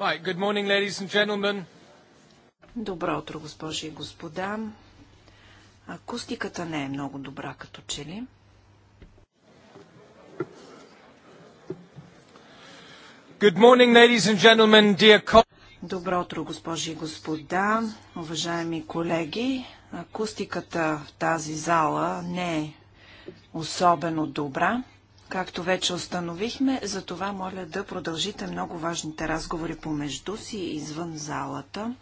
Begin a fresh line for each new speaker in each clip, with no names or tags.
Right, good morning, ladies and gentlemen. Добро утро, госпожи и господа. Акустиката не е много добра, като че ли. Good morning, ladies and gentlemen, dear Добро утро, госпожи и господа, уважаеми колеги. Акустиката в тази зала не е особено добра. Както вече установихме, за това моля да продължите много важните разговори помежду си извън залата.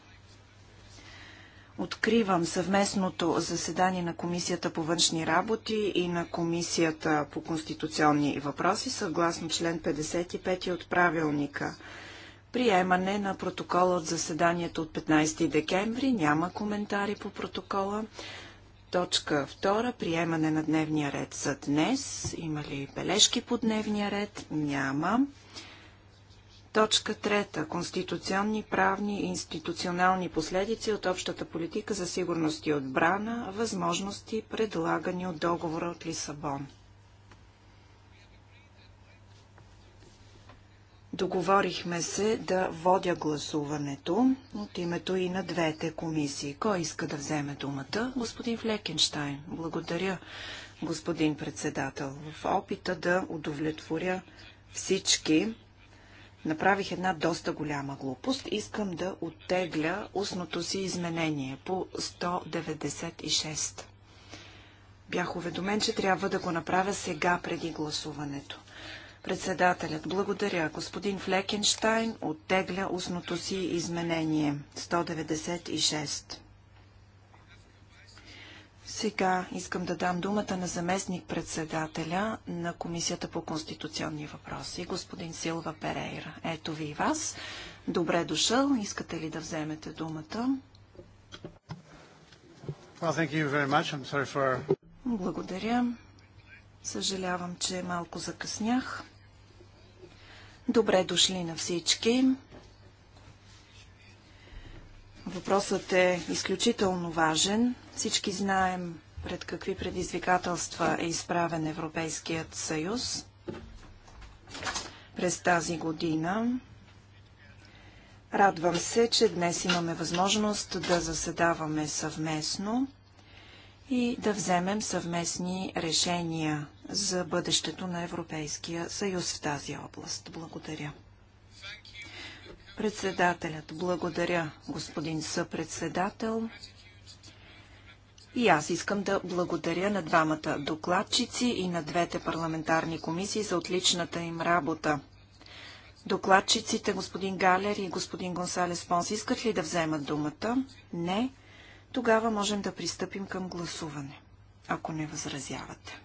Откривам съвместното заседание на Комисията по външни работи и на Комисията по конституционни въпроси, съгласно член 55 от правилника. Приемане на протокола от заседанието от 15 декември. Няма коментари по протокола. Точка втора. Приемане на дневния ред за днес. Има ли бележки по дневния ред? Няма. Точка трета. Конституционни, правни и институционални последици от общата политика за сигурност и отбрана, възможности предлагани от договора от Лисабон. Договорихме се да водя гласуването от името и на двете комисии. Кой иска да вземе думата? Господин Флекенштайн. Благодаря, господин председател. В опита да удовлетворя всички, направих една доста голяма глупост. Искам да оттегля устното си изменение по 196. Бях уведомен, че трябва да го направя сега преди гласуването. Председателят, благодаря. Господин Флекенштайн оттегля устното си изменение 196. Сега искам да дам думата на заместник-председателя на Комисията по конституционни въпроси, господин Силва Перейра. Ето ви и вас. Добре дошъл. Искате ли да вземете думата? Well, for... Благодаря. Съжалявам, че малко закъснях. Добре дошли на всички. Въпросът е изключително важен. Всички знаем пред какви предизвикателства е изправен Европейският съюз през тази година. Радвам се, че днес имаме възможност да заседаваме съвместно и да вземем съвместни решения за бъдещето на Европейския съюз в тази област. Благодаря. Председателят, благодаря, господин съпредседател. И аз искам да благодаря на двамата докладчици и на двете парламентарни комисии за отличната им работа. Докладчиците, господин Галер и господин Гонсалес Понс, искат ли да вземат думата? Не. Тогава можем да пристъпим към гласуване, ако не възразявате.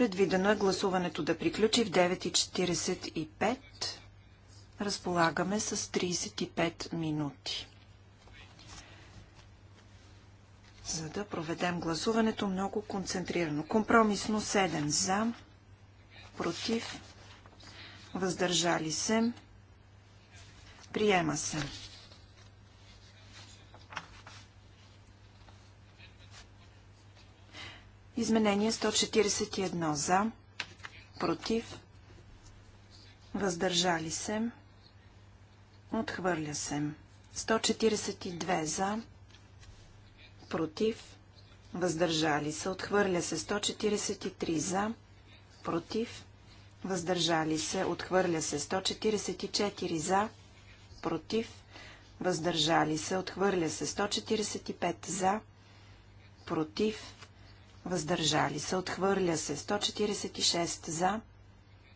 Предвидено е гласуването да приключи в 9.45. Разполагаме с 35 минути. За да проведем гласуването много концентрирано. Компромисно 7 за, против, въздържали се, приема се. Изменение 141 за, против, въздържали се, отхвърля се. 142 за, против, въздържали се, отхвърля се. 143 за, против, въздържали се, отхвърля се. 144 за, против, въздържали се, отхвърля се. 145 за, против, въздържали се, отхвърля се 146 за,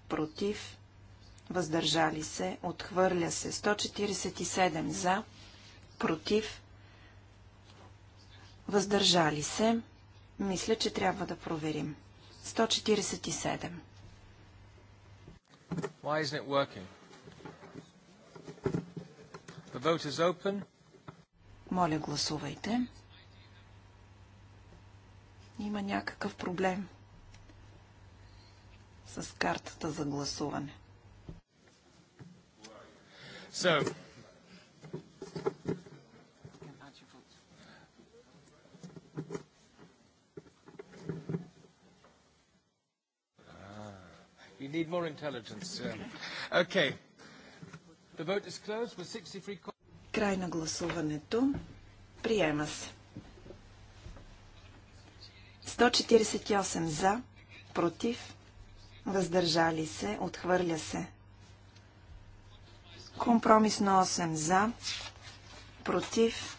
против, въздържали се, отхвърля се 147 за, против, въздържали се, мисля, че трябва да проверим. 147.
Why isn't it working? The vote is open.
Моля, гласувайте има някакъв проблем с картата за гласуване.
So, ah, You need more intelligence. Yeah. Okay. The vote is closed with 63...
Край на гласуването. Приема се. 148 за, против, въздържали се, отхвърля се. Компромисно 8 за, против,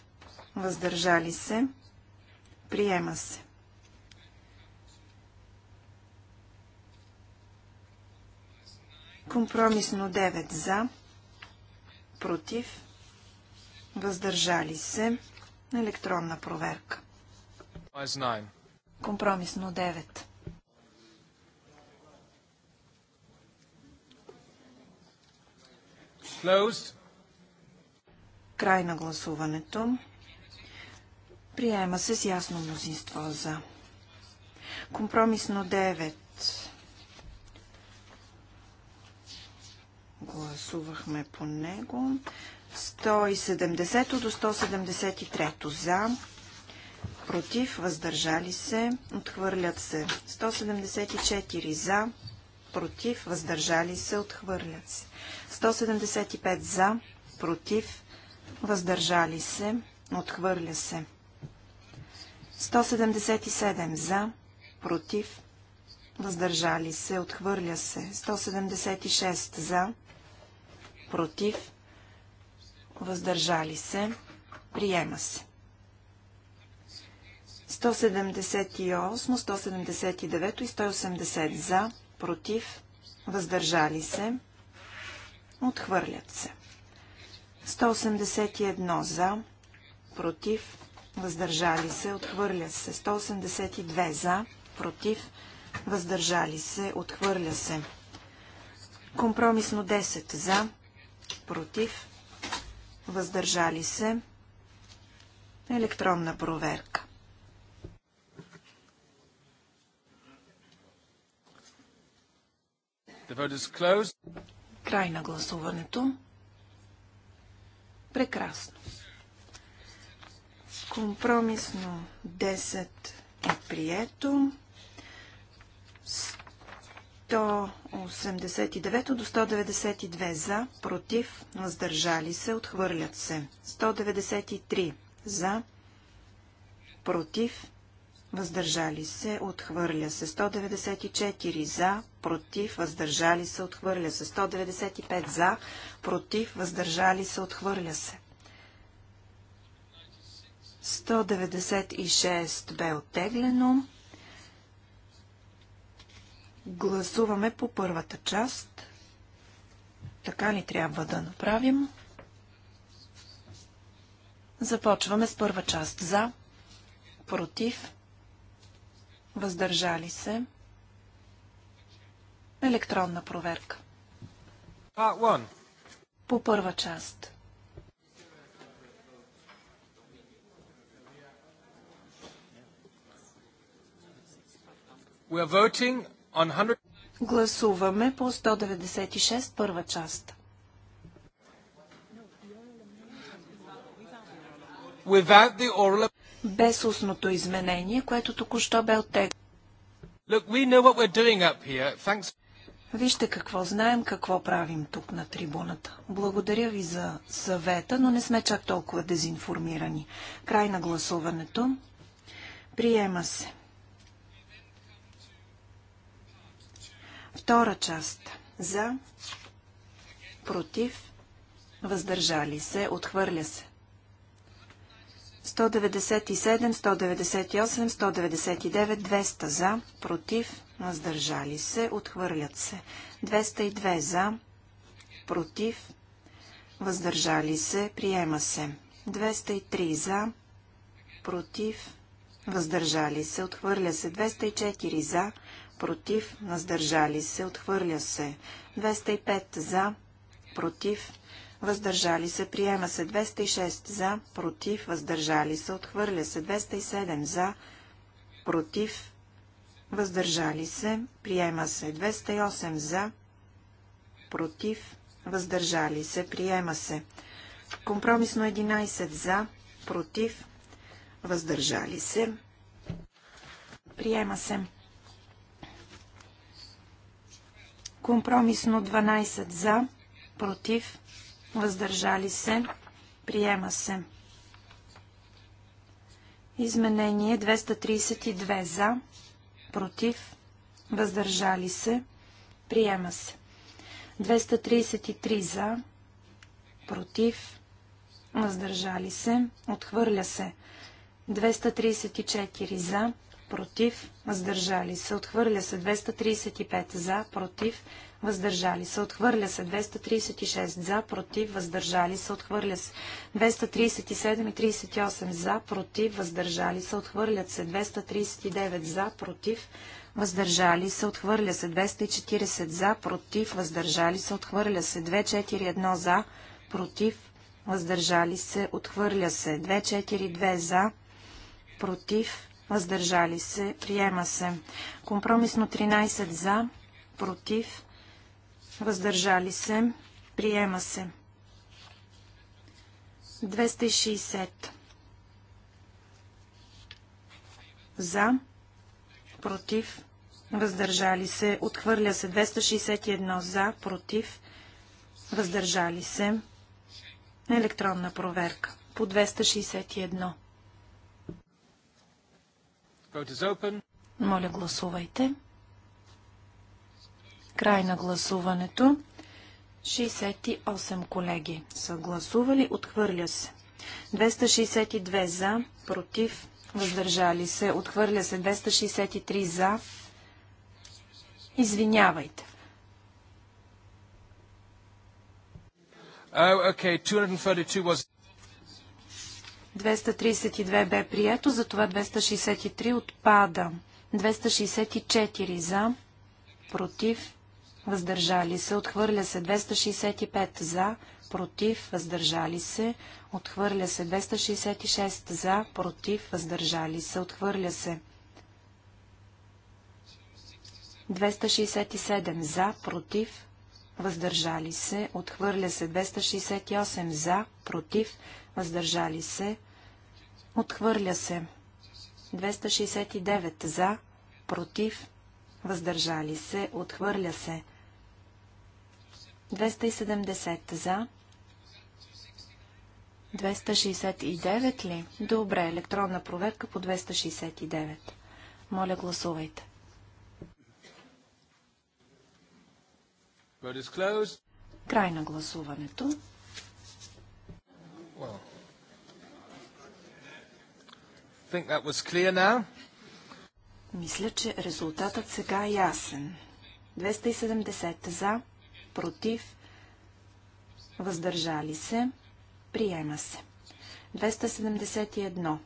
въздържали се, приема се. Компромисно 9 за, против, въздържали се, електронна проверка. 9. Компромисно 9. Край на гласуването. Приема се с ясно мнозинство за. Компромисно 9. Гласувахме по него. 170 до 173 за против, въздържали се, отхвърлят се. 174 за, против, въздържали се, отхвърлят се. 175 за, против, въздържали се, отхвърля се. 177 за, против, въздържали се, отхвърля се. 176 за, против, въздържали се, приема се. 178, 179 и 180 за, против, въздържали се, отхвърлят се. 181 за, против, въздържали се, отхвърля се. 182 за, против, въздържали се, отхвърля се. Компромисно 10 за, против, въздържали се, електронна проверка.
The vote is closed.
Край на гласуването. Прекрасно. Компромисно 10 е прието. 189 до 192 за, против, въздържали се, отхвърлят се. 193 за, против, въздържали се, отхвърля се. 194 за, против, въздържали се, отхвърля се. 195 за, против, въздържали се, отхвърля се. 196 бе оттеглено. Гласуваме по първата част. Така ли трябва да направим? Започваме с първа част. За, против, въздържали се, електронна проверка. По първа част. Гласуваме по 196 първа част. Without the oral без устното изменение, което току-що бе
оттеглено.
Вижте какво знаем, какво правим тук на трибуната. Благодаря ви за съвета, но не сме чак толкова дезинформирани. Край на гласуването. Приема се. Втора част. За. Против. Въздържали се. Отхвърля се. 197, 198, 199, 200 за, против, въздържали се, отхвърлят се. 202 за, против, въздържали се, приема се. 203 за, против, въздържали се, отхвърля се. 204 за, против, въздържали се, отхвърля се. 205 за, против, въздържали се, приема се 206 за, против, въздържали се, отхвърля се 207 за, против, въздържали се, приема се 208 за, против, въздържали се, приема се. Компромисно 11 за, против, въздържали се, приема се. Компромисно 12 за, против, въздържали се, приема се. Изменение 232 за, против, въздържали се, приема се. 233 за, против, въздържали се, отхвърля се. 234 за, против, въздържали се, отхвърля се 235 за, против, въздържали се, отхвърля се 236 за, против, въздържали се, отхвърля се 237 и 38 за, против, въздържали се, отхвърлят се 239 за, против, въздържали се, отхвърля се 240 за, против, въздържали се, отхвърля се 241 за, против, въздържали се, отхвърля се 242 за, против, въздържали се, приема се. Компромисно 13 за, против, въздържали се, приема се. 260 за, против, въздържали се, отхвърля се 261 за, против, въздържали се, електронна проверка по 261. Моля, гласувайте. Край на гласуването. 68 колеги са гласували. Отхвърля се. 262 за, против, въздържали се. Отхвърля се 263 за. Извинявайте.
Oh, okay. 232 was...
232 бе прието, затова 263 отпада. 264 за, против, въздържали се, отхвърля се 265 за, против, въздържали се, отхвърля се 266 за, против, въздържали се, отхвърля се 267 за, против, въздържали се, отхвърля се 268 за, против, въздържали се, Отхвърля се. 269 за, против, въздържали се, отхвърля се. 270 за. 269 ли? Добре, електронна проверка по 269. Моля, гласувайте. Край на гласуването.
Well, think that was clear now.
Мисля, че резултатът сега е ясен. 270 за, против, въздържали се, приема се. 271.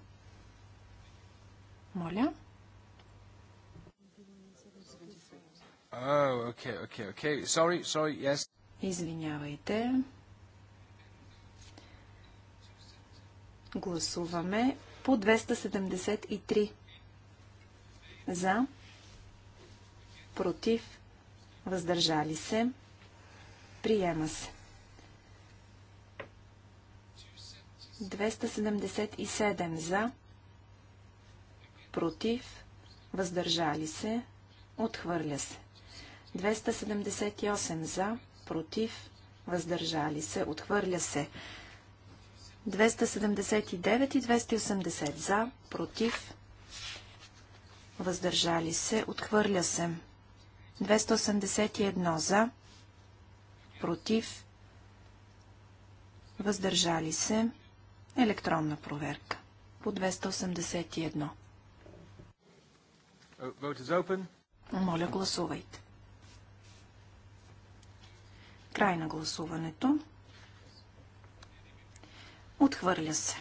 Моля. Oh, okay, okay, okay. Sorry, sorry, yes. Извинявайте. Гласуваме по 273 за, против, въздържали се, приема се. 277 за, против, въздържали се, отхвърля се. 278 за, против, въздържали се, отхвърля се. 279 и 280 за, против, въздържали се, отхвърля се. 281 за, против, въздържали се, електронна проверка по 281. Моля, гласувайте. Край на гласуването. Отхвърля се.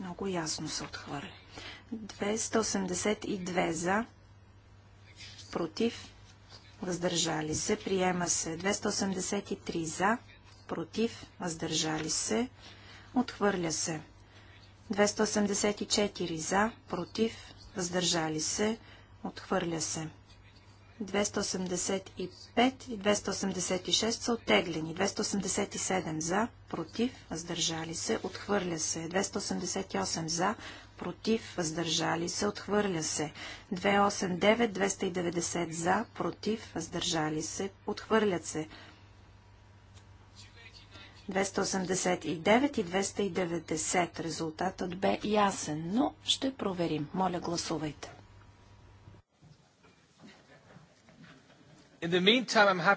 Много ясно се отхвърля. 282 за, против, въздържали се, приема се. 283 за, против, въздържали се, отхвърля се. 284 за, против, въздържали се, отхвърля се. 285 и 286 са оттеглени. 287 за, против, въздържали се, отхвърля се. 288 за, против, въздържали се, отхвърля се. 289, 290 за, против, въздържали се, отхвърлят се. 289 и 290. Резултатът бе ясен, но ще проверим. Моля, гласувайте.
meantime,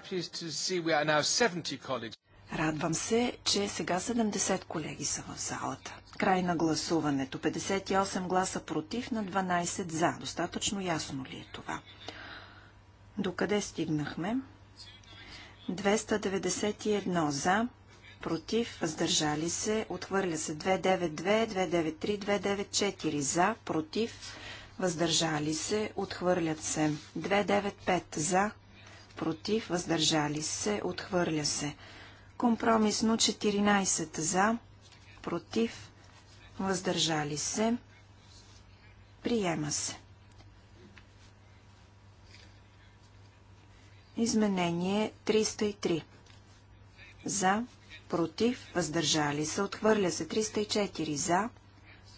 Радвам се, че сега 70 колеги са в залата. Край на гласуването. 58 гласа против на 12 за. Достатъчно ясно ли е това? Докъде стигнахме? 291 за, против, въздържали се, отхвърля се 292, 293, 294 за, против, въздържали се, отхвърлят се 295 за, против, въздържали се, отхвърля се. Компромисно 14 за, против, въздържали се, приема се. Изменение 303 за, против, въздържали се, отхвърля се 304 за,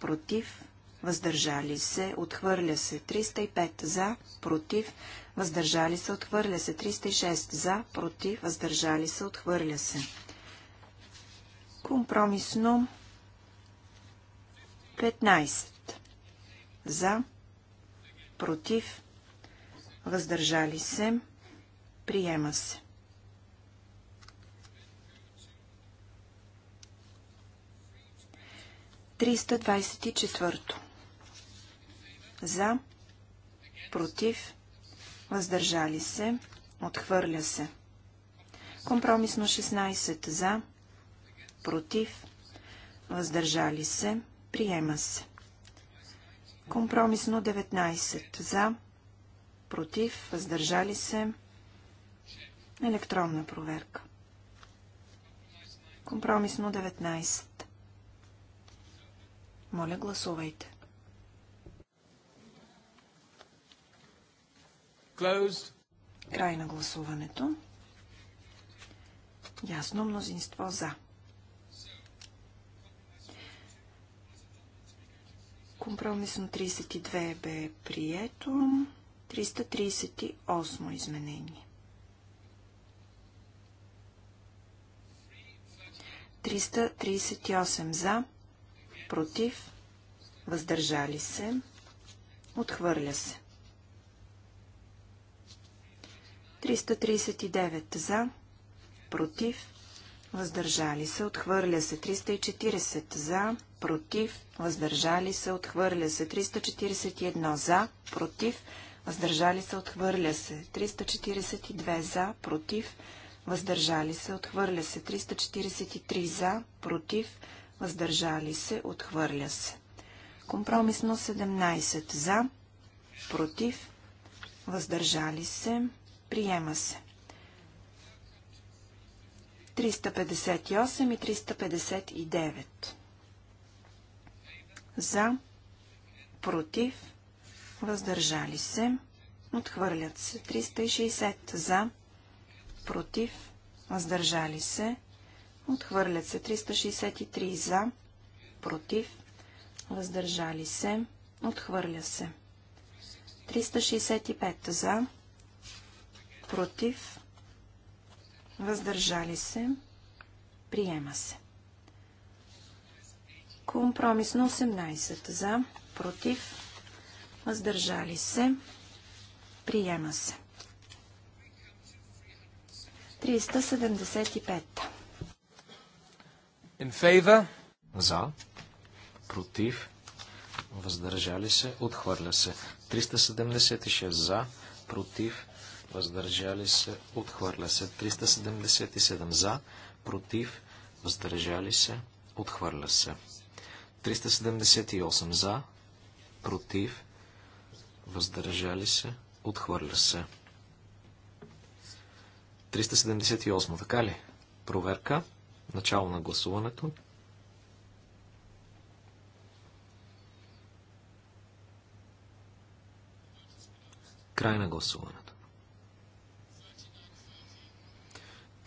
против, въздържали се, отхвърля се 305 за, против, въздържали се, отхвърля се. 306 за, против, въздържали се, отхвърля се. Компромисно 15 за, против, въздържали се, приема се. Триста двадесет и четвърто. За, против, въздържали се, отхвърля се. Компромисно 16 за, против, въздържали се, приема се. Компромисно 19 за, против, въздържали се, електронна проверка. Компромисно 19. Моля, гласувайте. Край на гласуването. Ясно мнозинство за. Компромисно 32 бе прието. 338 изменение. 338 за, против, въздържали се, отхвърля се. 339 за, против, въздържали се, отхвърля се 340 за, против, въздържали се, отхвърля се 341 за, против, въздържали се, отхвърля се 342 за, против, въздържали се, отхвърля се 343 за, против, въздържали се, отхвърля се. Компромисно 17 за, против, въздържали се, Приема се. 358 и 359. За, против, въздържали се, отхвърлят се. 360 за, против, въздържали се, отхвърлят се. 363 за, против, въздържали се, отхвърля се. 365 за, против, въздържали се, приема се. Компромисно 18 за, против, въздържали се, приема се. 375.
In favor. За. Против. Въздържали се. Отхвърля се. 376 за. Против въздържали се, отхвърля се. 377 за, против, въздържали се, отхвърля се. 378 за, против, въздържали се, отхвърля се. 378, така ли? Проверка. Начало на гласуването. Край на гласуването.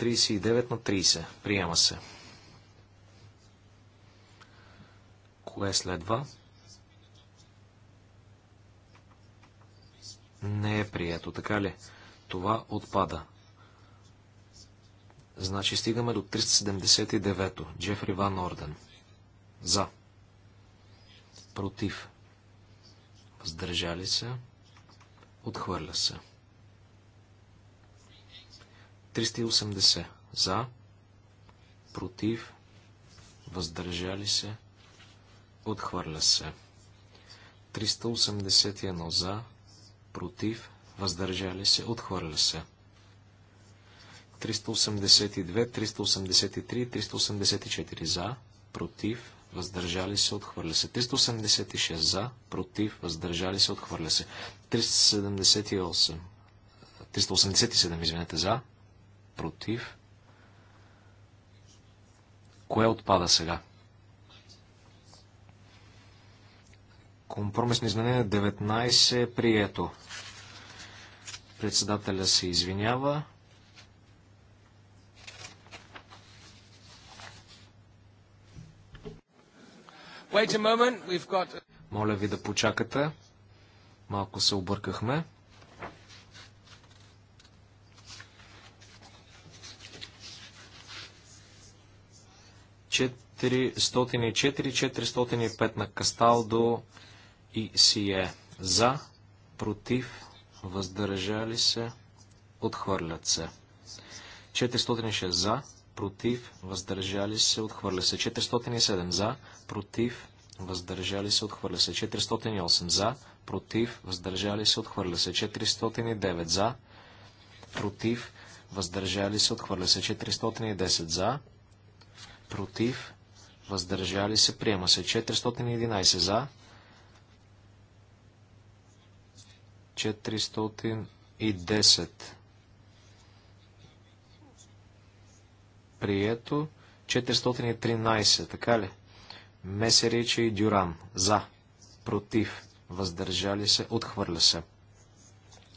39 на 30. Приема се. Кое следва? Не е прието, така ли? Това отпада. Значи стигаме до 379-то. Джефри Ван Орден. За. Против. Въздържали се. Отхвърля се. 380 за, против, въздържали се, отхвърля се. 381 за, против, въздържали се, отхвърля се. 382, 383, 384 за, против, въздържали се, отхвърля се. 386 за, против, въздържали се, отхвърля се. 378, 387, извинете, за, против. Кое отпада сега? Компромисно изменение 19 е прието. Председателя се извинява. Got... Моля ви да почакате. Малко се объркахме. 404-405 на Касталдо и Сие. За, против, въздържали се, отхвърлят се. 406 за, против, въздържали се, отхвърля се. 407 за, против, въздържали се, отхвърля се. 408 за, против, въздържали се, отхвърля се. 409 за, против, въздържали се, отхвърля се. 410 за, против, въздържали се, приема се. 411 за, 410 прието, 413, така ли? Месеричи и Дюран, за, против, въздържали се, отхвърля се.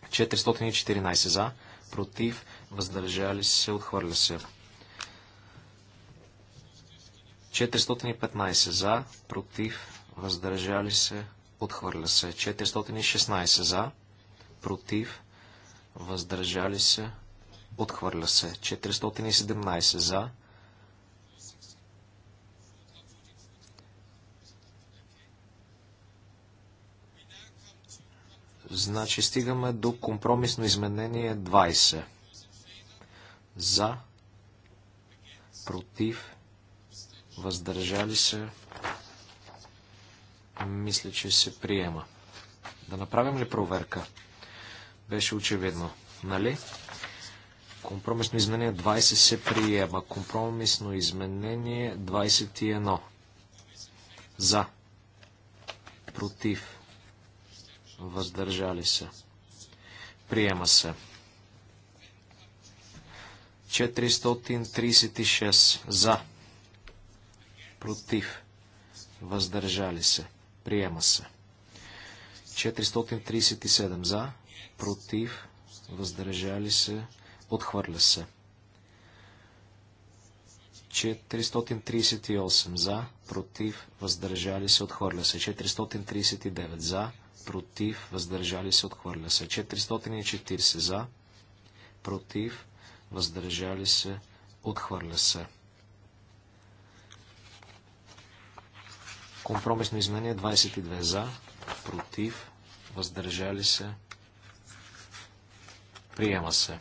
414 за, против, въздържали се, отхвърля се. 415 за, против, въздържали се, отхвърля се. 416 за, против, въздържали се, отхвърля се. 417 за, Значи стигаме до компромисно изменение 20. За, против, въздържали се, мисля, че се приема. Да направим ли проверка? Беше очевидно, нали? Компромисно изменение 20 се приема. Компромисно изменение 21. За. Против. Въздържали се. Приема се. 436. За против, въздържали се, приема се. 437 за, против, въздържали се, отхвърля се. 438 за, против, въздържали се, отхвърля се. 439 за, против, въздържали се, отхвърля се. 440 за, против, въздържали се, отхвърля се. Компромисно изменение 22 за, против, въздържали се, приема се.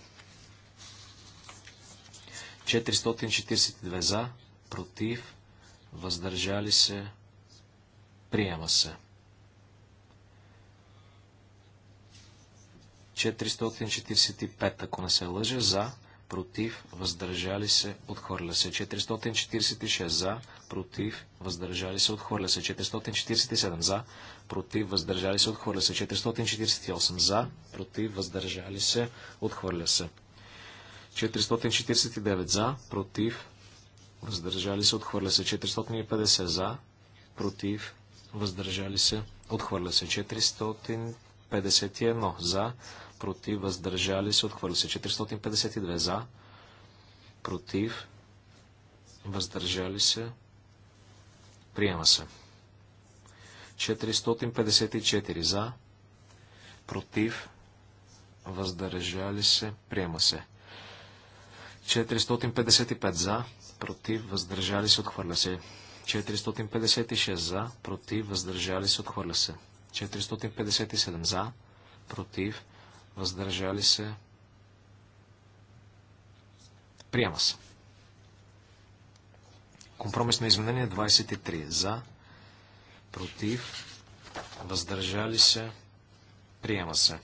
442 за, против, въздържали се, приема се. 445, ако не се лъжа, за, против, въздържали се, отхвърля се. 446 за, против, въздържали се, отхвърля се. 447 за, против, въздържали се, отхвърля се. 448 за, против, въздържали се, отхвърля се. 449 за, против, въздържали се, отхвърля се. 450 за, против, въздържали се, отхвърля се. 451 за, против, въздържали се, отхвърля се. 452 за, против, въздържали се, приема се. 454 за, против, въздържали се, приема се. 455 за, против, въздържали се, отхвърля се. 456 за, против, въздържали се, отхвърля се. 457 за, против, въздържали се, приема се. Компромис на изменение 23 за, против, въздържали се, приема се.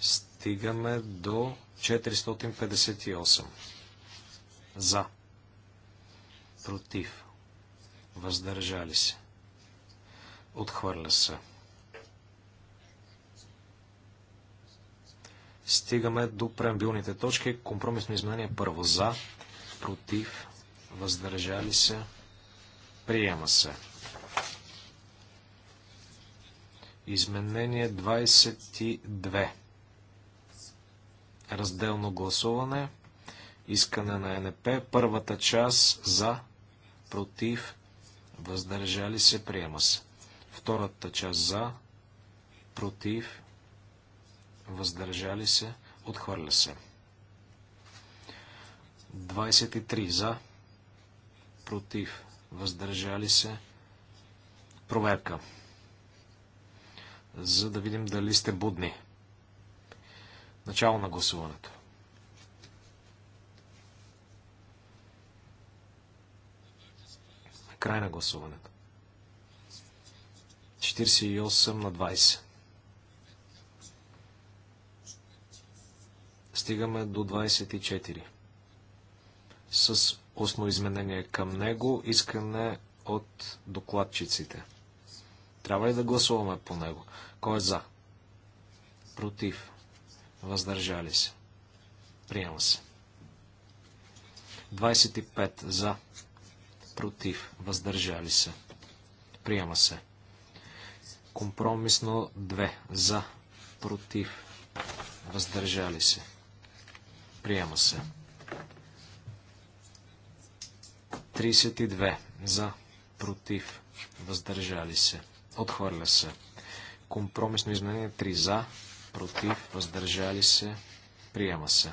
Стигаме до 458. За. Против. Въздържали се. Отхвърля се. Стигаме до преамбилните точки. Компромисно изменение първо за, против, въздържали се, приема се. Изменение 22. Разделно гласуване. Искане на НП. Първата част за, против, въздържали се, приема се. Втората част за, против, въздържали се, отхвърля се. 23 за, против, въздържали се, проверка. За да видим дали сте будни. Начало на гласуването. Край на гласуването. 48 на 20. стигаме до 24. С устно изменение към него, искане от докладчиците. Трябва ли да гласуваме по него? Кой е за? Против? Въздържали се? Приема се. 25 за. Против? Въздържали се? Приема се. Компромисно 2 за. Против? Въздържали се? Приема се. 32. За. Против. Въздържали се. Отхвърля се. Компромисно изменение 3. За. Против. Въздържали се. Приема се.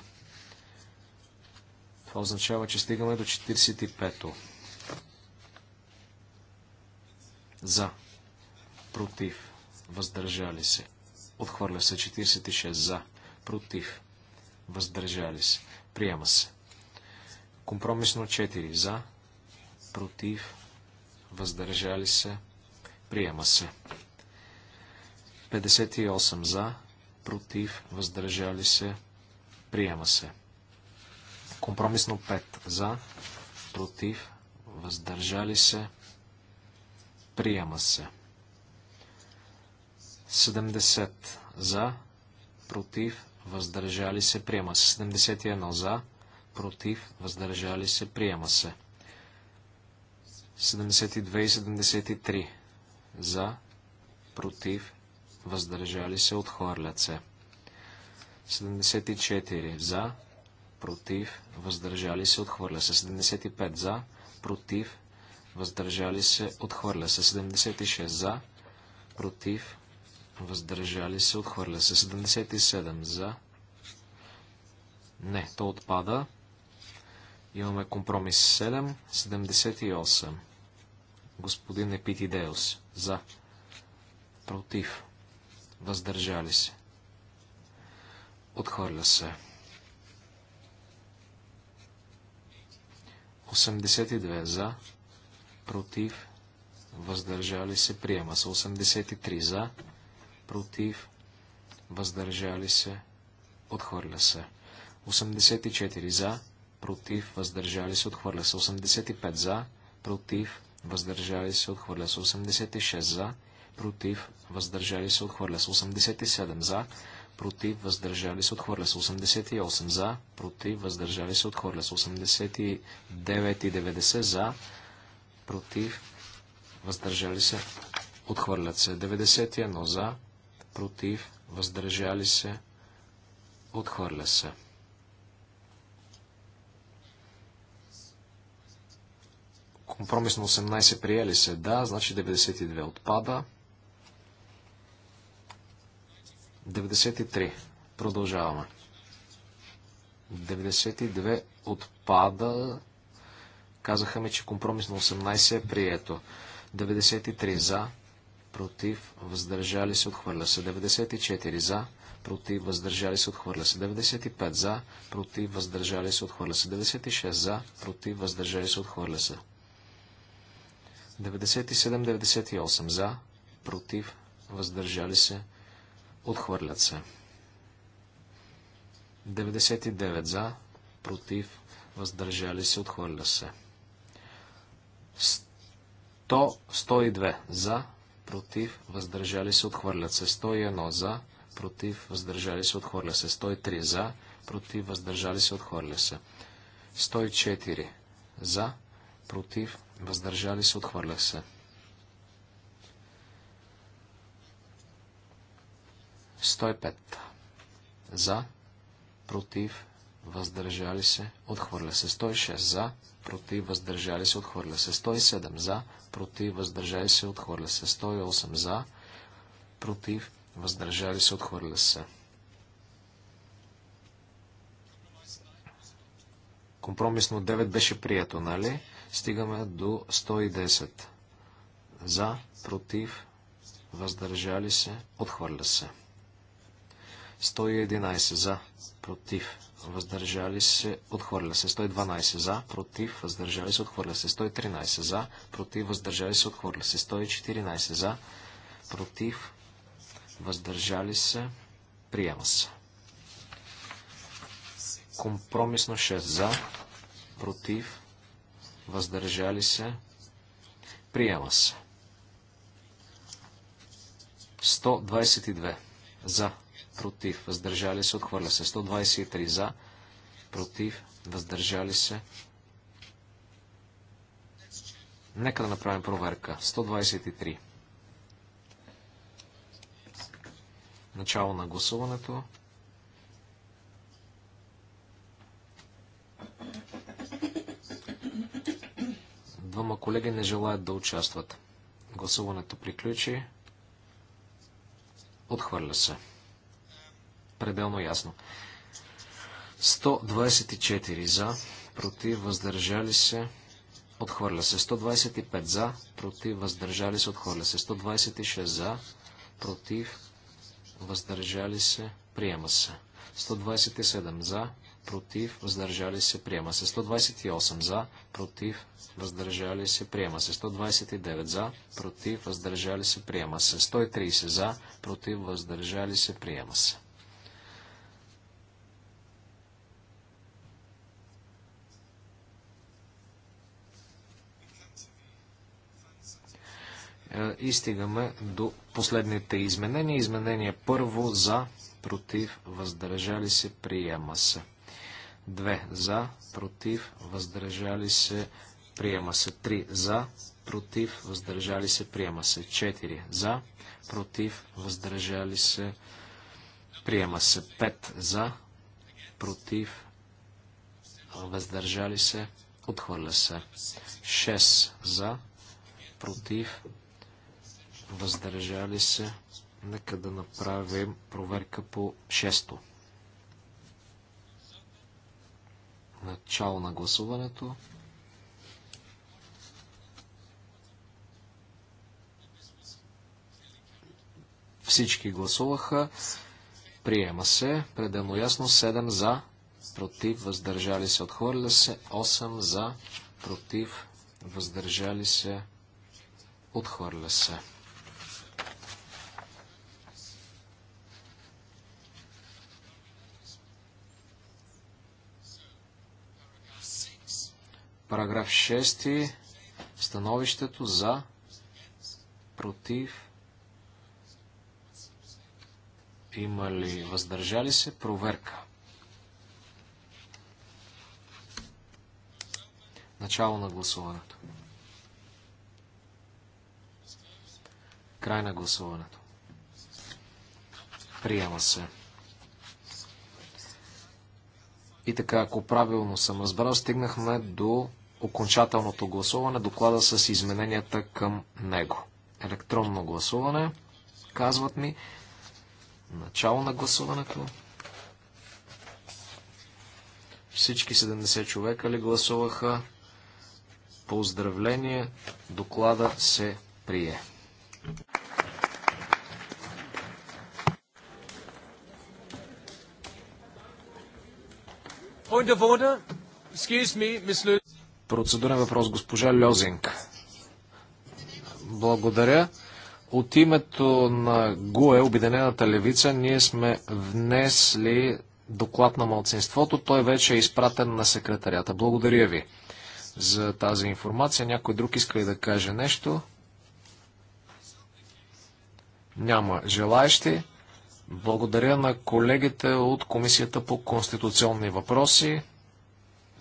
Това означава, че стигаме до 45-то. За. Против. Въздържали се. Отхвърля се 46. За. Против въздържали се, приема се. Компромисно 4 за, против, въздържали се, приема се. 58 за, против, въздържали се, приема се. Компромисно 5 за, против, въздържали се, приема се. 70 за, против, въздържали се, приема се. 71 за, против, въздържали се, приема се. 72 и 73 за, против, въздържали се, отхвърлят се. 74 за, против, въздържали се, отхвърля се. 75 за, против, въздържали се, отхвърля се. 76 за, против, въздържали се, отхвърля се. 77 за. Не, то отпада. Имаме компромис 7, 78. Господин Епитидеус. За. Против. Въздържали се. Отхвърля се. 82 за. Против. Въздържали се. Приема се. 83 за против, въздържали се, отхвърля се. 84 за, против, въздържали се, отхвърля се. 85 за, против, въздържали се, отхвърля се. 86 за, против, въздържали се, отхвърля се. 87 за, против, въздържали се, отхвърля се. 88 за, против, въздържали се, отхвърля се. 89 и 90 за, против, въздържали се, отхвърлят се. 91 за, против, въздържали се, отхвърля се. Компромис на 18 приели се, да, значи 92 отпада. 93. Продължаваме. 92 отпада. Казаха ми, че компромис на 18 е прието. 93 за, против, въздържали се, отхвърля се. 94 за, против, въздържали се, отхвърля се. 95 за, против, въздържали се, отхвърля се. 96 за, против, въздържали се, отхвърля се. 97-98 за, против, въздържали се, отхвърлят се. 99 за, против, въздържали се, отхвърля се. 100, 102 за, против, въздържали се, отхвърля се. 101 за, против, въздържали се, отхвърля се. 103 за, против, въздържали се, отхвърля се. 104 за, против, въздържали се, отхвърля се. 105 за, против, въздържали се, отхвърля се 106 за, против, въздържали се, отхвърля се 107 за, против, въздържали се, отхвърля се 108 за, против, въздържали се, отхвърля се. Компромисно 9 беше прието, нали? Стигаме до 110. За, против, въздържали се, отхвърля се. 111 за, против, въздържали се, отхвърля се. 112 за, против, въздържали се, отхвърля се. 113 за, против, въздържали се, отхвърля се. 114 за, против, въздържали се, приема се. Компромисно 6 за, против, въздържали се, приема се. 122 за, против, въздържали се, отхвърля се. 123 за, против, въздържали се. Нека да направим проверка. 123. Начало на гласуването. Двама колеги не желаят да участват. Гласуването приключи. Отхвърля се пределно ясно. 124 за, против, въздържали се, отхвърля се. 125 за, против, въздържали се, отхвърля се. 126 за, против, въздържали се, приема се. 127 за, против, въздържали се, приема се. 128 за, против, въздържали се, приема се. 129 за, против, въздържали се, приема се. 130 за, против, въздържали се, приема се. Е, и стигаме до последните изменения. Изменение първо за, против, въздържали се, приема се. 2 за, против, въздържали се, приема се. 3 за, против, въздържали се, приема се. 4 за, против, въздържали се, приема се. 5 за, против, въздържали се, отхвърля се. 6 за, против, въздържали се. Нека да направим проверка по 6 Начало на гласуването. Всички гласуваха. Приема се. Предено ясно. 7 за. Против. Въздържали се. Отхвърля се. 8 за. Против. Въздържали се. Отхвърля се. Параграф 6. Становището за, против, има ли въздържали се? Проверка. Начало на гласуването. Край на гласуването. Приема се. И така, ако правилно съм разбрал, стигнахме до окончателното гласуване, доклада с измененията към него. Електронно гласуване, казват ми, начало на гласуването. Всички 70 човека ли гласуваха? Поздравление, доклада се прие. Point of order. Excuse me, Miss Lulling. Процедурен въпрос, госпожа Льозинг. Благодаря. От името на ГУЕ, Обединената левица, ние сме внесли доклад на малцинството. Той вече е изпратен на секретарията. Благодаря ви за тази информация. Някой друг иска ли да каже нещо? Няма желаещи. Благодаря на колегите от Комисията по конституционни въпроси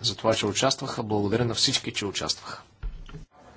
за това, че участваха. Благодаря на всички, че участваха.